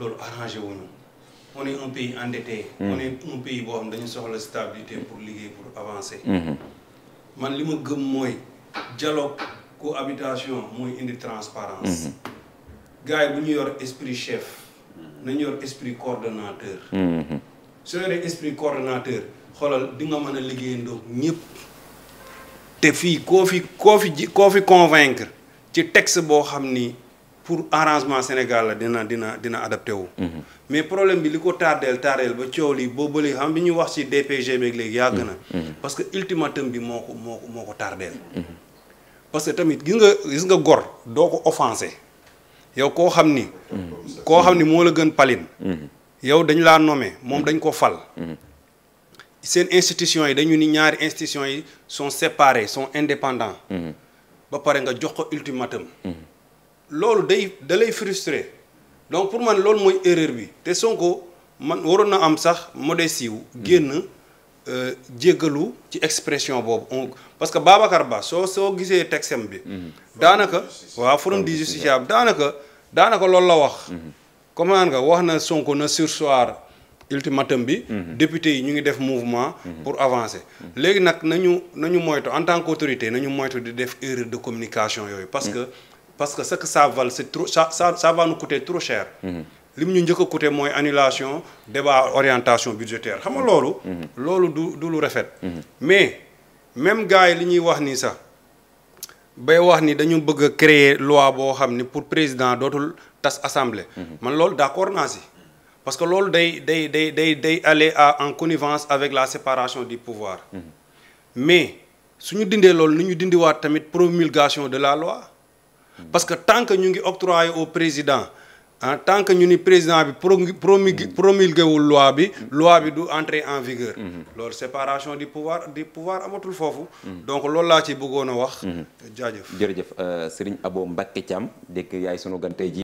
loolu arrangé wuñu on est un pays endetté. Hmm. on est un pays boo xam dañu soxla stabilité pour liggéey pour avancé hmm. man li ma gëm mooy dialogue cohabitation mooy indi transparence hmm. gars yi bu ñu yor esprit chef nañu yor esprit coordonnateur. su yoree esprit coordonnateur xoolal di nga mën a liggéeyandoo ñëpp. te fii koo fi koo fi koo fi convaincre ci texte boo xam ni. pour arrangement Sénégal la dina dina dina adapté wu. Mhm. mais problème bi li ko tardeel tardeel ba coow lii boo bëri xam bi ñuy wax ci DPG beeg léegi yàgg na. Mhm. Mhm. parce que ultimatum bi moo ko moo ko moo ko tardeel. parce que tamit gis nga gis nga gor doo ko offensé yow koo xam ni. koo xam ni moo la gën palin. yow dañ laa nommé moom dañ ko fal. seen institutions yi dañu ni ñaari institutions yi sont séparées son indépendant ba pare nga jox ko ultimatum. loolu day da lay frustré donc pour man loolu mooy erreur bi te Sonko man waroon na am sax modestie wu génn mm. euh, jéggalu ci expression boobu on parce que Babacar Ba soo soo gisee texem bi. Mm-hmm. daanaka waaw forum du justiciable daanaka daanaka loolu la wax. Mm-hmm. comment nga wax na Sonko na sursoir ultimatum bi. Mm-hmm. député yi ñu ngi def mouvement. pour avancer. léegi nag nañu nañu moytu en tant qu'autorité nañu moytu di def erreur de communication yooyu parce mm. que. parce que ce que ça vaut c'est trop ça ça ça va nous trop cher. Mm-hmm. li mu ñu njëkk a mooy annulation débat orientation budgétaire xam nga loolu. Mm-hmm. loolu du du lu rafet. Mm-hmm. mais même gars yi li ñuy wax ni sax bay wax ni dañu bëgg créer loi boo xam ni pour président dootul tas assemblée. man loolu d'accord naa si. parce que loolu day day day day day aller à en connivence avec la séparation du pouvoir. mais su ñu dindee loolu nu ñu dindiwaat tamit promulgation de la loi. parce que tant que ñu ngi octroyé au président en tant que ñu ni président bi promulgué promulgué wul loi bi loi bi du entrer en vigueur mm-hmm. loolu séparation du pouvoir di pouvoir amatul foofu mm-hmm. donc loolu laa ci bëggoon a wax mm-hmm. jaajëf jërëjëf euh, Serigne Abo Mbacké Thiam dégg yaay sunu gantee tey ji